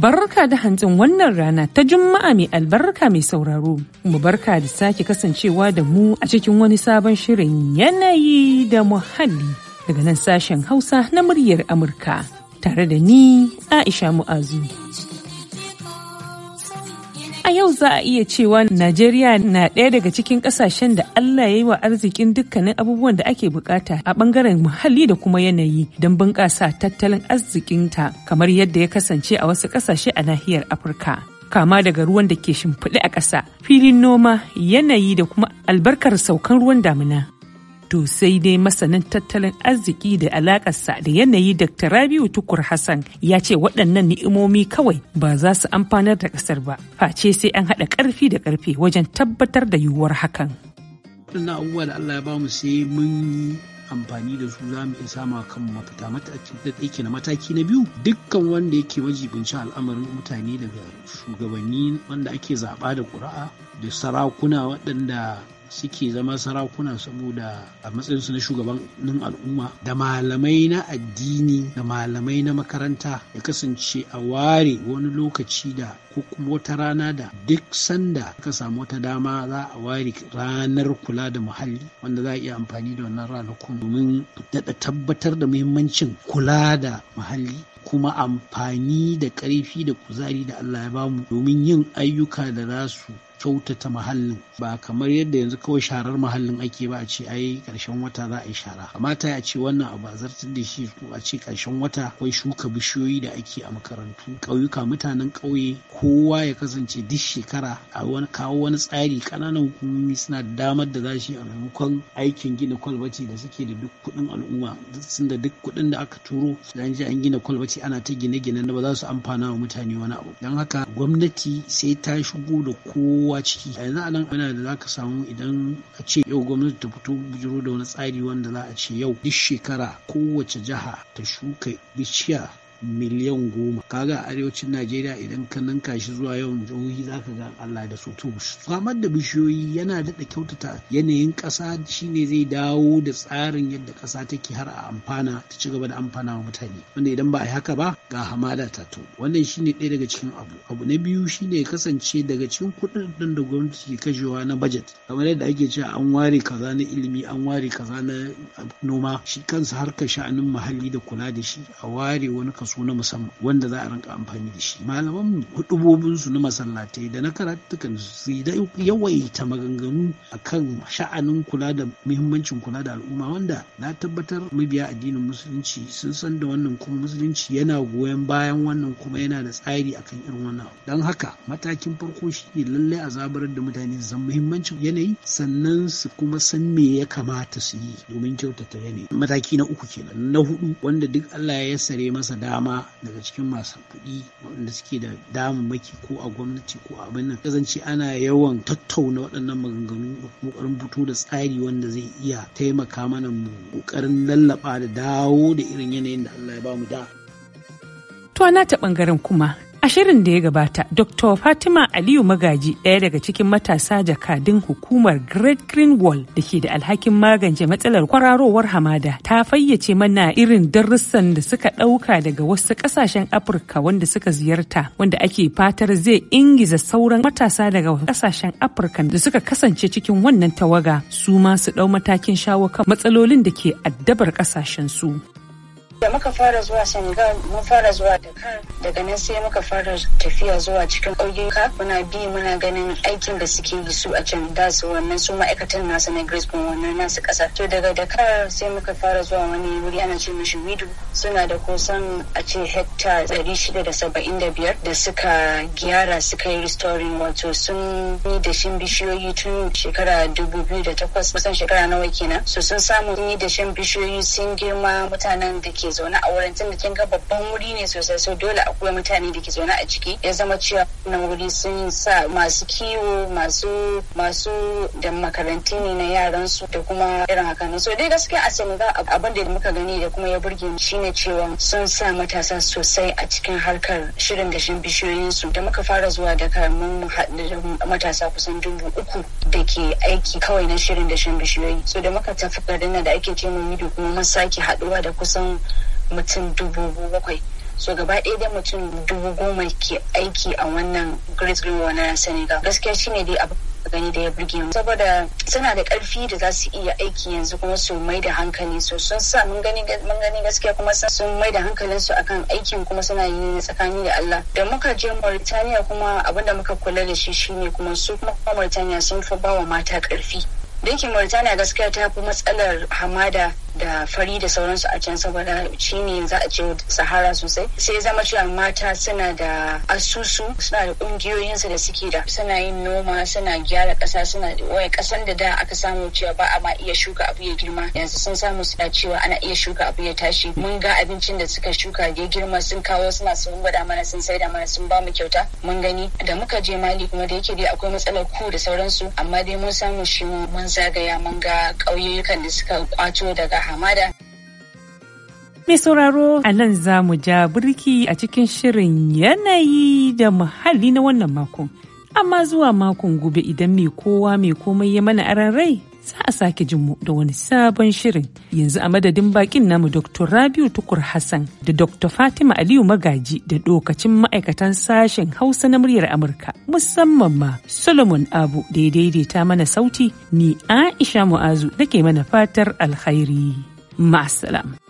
Barka da hantsin wannan rana ta Juma'a mai albarka mai sauraro. Mu barka da sake kasancewa da mu a cikin wani sabon shirin yanayi da muhalli daga nan sashen Hausa na muryar Amurka tare da ni Aisha Mu'azu. a yau za a iya cewa Najeriya na ɗaya daga cikin ƙasashen da Allah ya yi wa arzikin dukkanin abubuwan da ake bukata a ɓangaren muhalli da kuma yanayi don bunƙasa tattalin arzikinta kamar yadda ya kasance a wasu ƙasashe a nahiyar Afirka. Kama daga ruwan da ke shimfiɗe a ƙasa, filin noma, yanayi da kuma albarkar saukan ruwan damina. To sai dai masanin tattalin arziki da alakarsa da yanayi Dr. Rabiu Tukur Hassan ya ce waɗannan ni'imomi kawai ba za su amfanar da ƙasar ba. Face sai an haɗa ƙarfi da ƙarfe wajen tabbatar da yiwuwar hakan. Waɗannan abubuwa da Allah ya bamu sai mun yi amfani da su za mu iya sama kan mafita mataki na mataki na biyu dukkan wanda yake wajibinci al'amarin mutane daga shugabanni wanda ake zaɓa da ƙura'a da sarakuna waɗanda suke zama sarakuna saboda a su na shugabannin al'umma da malamai na addini da malamai na makaranta ya kasance a ware wani lokaci da ko kuma wata rana da duk sanda ka samu wata dama za a ware ranar kula da muhalli wanda za a iya amfani da wannan ranakun domin daɗa tabbatar da muhimmancin kula da muhalli kuma amfani da ƙarfi da kuzari da Allah ya bamu domin yin ayyuka da za su kyautata muhallin ba kamar yadda yanzu kawai sharar muhallin ake ba a ce ai karshen wata za a yi shara kamata a ce wannan abu a zartar da shi a ce karshen wata akwai shuka bishiyoyi da ake a makarantu ƙauyuka mutanen ƙauye kowa ya kasance duk shekara a wani kawo wani tsari ƙananan hukumomi suna damar da za shi a maimakon aikin gina kwalbati da suke da duk kuɗin al'umma sun da duk kuɗin da aka turo Zan je an gina kwalbati ana ta gine gine da ba za su amfana wa mutane wani abu don haka gwamnati sai ta shigo da kowa kowa ciki a yanzu anan ana da zaka samu idan a ce yau gwamnati ta fito bujiro da wani tsari wanda za a ce yau duk shekara kowace jiha ta shuka bishiya miliyan goma kaga a arewacin najeriya idan ka ninka shi zuwa yawan jihohi zaka ga allah da su to samar da bishiyoyi yana daɗa kyautata yanayin ƙasa shine zai dawo da tsarin yadda ƙasa take har a amfana ta ci gaba da amfana wa mutane wanda idan ba a haka ba ga hamada ta to wannan shine ɗaya daga cikin abu abu na biyu shine kasance daga cikin kuɗin da gwamnati ke kashewa na bajet. kamar yadda ake cewa an ware kaza na ilimi an ware kaza na noma shi kansa harkar sha'anin muhalli da kula da shi a ware wani kaso su na musamman wanda za a rinka amfani da shi malaman hudubobin su na masallatai da na karatukan su da yawaita maganganu akan sha'anin kula da muhimmancin kula da al'umma wanda na tabbatar mabiya addinin musulunci sun san da wannan kuma musulunci yana goyon bayan wannan kuma yana da tsari akan irin wannan don haka matakin farko shi ne lallai a zabarar da mutane su san muhimmancin yanayi sannan su kuma san me ya kamata su yi domin kyautata yanayi mataki na uku kenan na hudu wanda duk Allah ya sare masa dama dama daga cikin masu kuɗi waɗanda suke da maki ko a gwamnati ko a abin nan kasance ana yawan tattauna waɗannan maganganu da kuma ƙoƙarin fito da tsari wanda zai iya taimaka mana mu ƙoƙarin lallaba da dawo da irin yanayin da Allah ya bamu da. To na ta ɓangaren kuma A shirin da ya gabata, Dr. Fatima Aliyu Magaji, ɗaya daga cikin matasa jakadin hukumar Great Green Wall da ke da alhakin magance matsalar kwararowar hamada, ta fayyace mana irin darussan da suka ɗauka daga wasu ƙasashen Afirka wanda suka ziyarta, wanda ake fatar zai ingiza sauran matasa daga ƙasashen Afirka da suka kasance cikin wannan tawaga, su ma su ɗau matakin shawo kan matsalolin da ke addabar ƙasashen su. da muka fara zuwa senegal mun fara zuwa dakar daga nan sai muka fara tafiya zuwa cikin ƙauyuka muna bi muna ganin aikin da suke yi su a can da su wannan su ma'aikatan nasu na grisbon wannan nasu ƙasa to daga dakar sai muka fara zuwa wani wuri ana ce mishi widu suna da kusan a ce hekta ɗari shida da saba'in da biyar da suka gyara suka yi restoring wato sun yi shin bishiyoyi tun shekara dubu biyu da takwas kusan shekara nawa kenan Su sun samu Sun yi dashin bishiyoyi sun girma mutanen da ke zaune a wurin da kin ga babban wuri ne sosai so dole akwai mutane da ke zaune a ciki ya zama cewa wannan wuri sun sa masu kiwo masu masu da makarantu ne na yaran su da kuma irin haka ne so dai gaskiya a Senegal abin da muka gani da kuma ya burge mu shine cewa sun sa matasa sosai a cikin harkar shirin da shin bishiyoyin su da muka fara zuwa da mun haɗu da matasa kusan dubu uku da ke aiki kawai na shirin da shan bishiyoyi so da muka tafi garin da ake ce mu da kuma mun sake haɗuwa da kusan mutum dubu bakwai so gaba ɗaya dai mutum dubu goma ke aiki a wannan great green na senegal gaskiya shine dai abu gani da ya burge mu saboda suna da karfi da za su iya aiki yanzu kuma su mai da hankali so sun sa mun gani gaskiya kuma sun mai da hankalin su akan aikin kuma suna yi tsakani da Allah da muka je Mauritania kuma abinda muka kula da shi shine kuma su kuma Mauritania sun fi bawa mata karfi dinkin Mauritania gaskiya ta fi matsalar hamada da fari da sauransu a can saboda shi ne za a ce sahara sosai sai zama cewa mata suna da asusu suna da kungiyoyinsu da suke da suna yin noma suna gyara kasa suna waya kasan da da aka samu cewa ba a ma iya shuka abu ya girma yanzu sun samu suna cewa ana iya shuka abu ya tashi mun ga abincin da suka shuka ya girma sun kawo suna sun gwada mana sun saida mana sun ba mu kyauta mun gani da muka je mali kuma da yake dai akwai matsalar ku da sauransu amma dai mun samu shi mun zagaya mun ga ƙauyukan da suka kwato daga hamada. Mai sauraro a nan za mu ja birki a cikin shirin yanayi da muhalli na wannan makon. Amma zuwa makon gobe idan mai kowa mai komai ya mana aran rai za a sake jin mu da wani sabon shirin yanzu a madadin bakin namu dr rabiu tukur hassan da dr fatima aliyu magaji da dokacin ma'aikatan sashen hausa na muryar amurka musamman ma solomon abu da ya daidaita mana sauti ni aisha mu'azu nake mana fatar alkhairi ma'asalam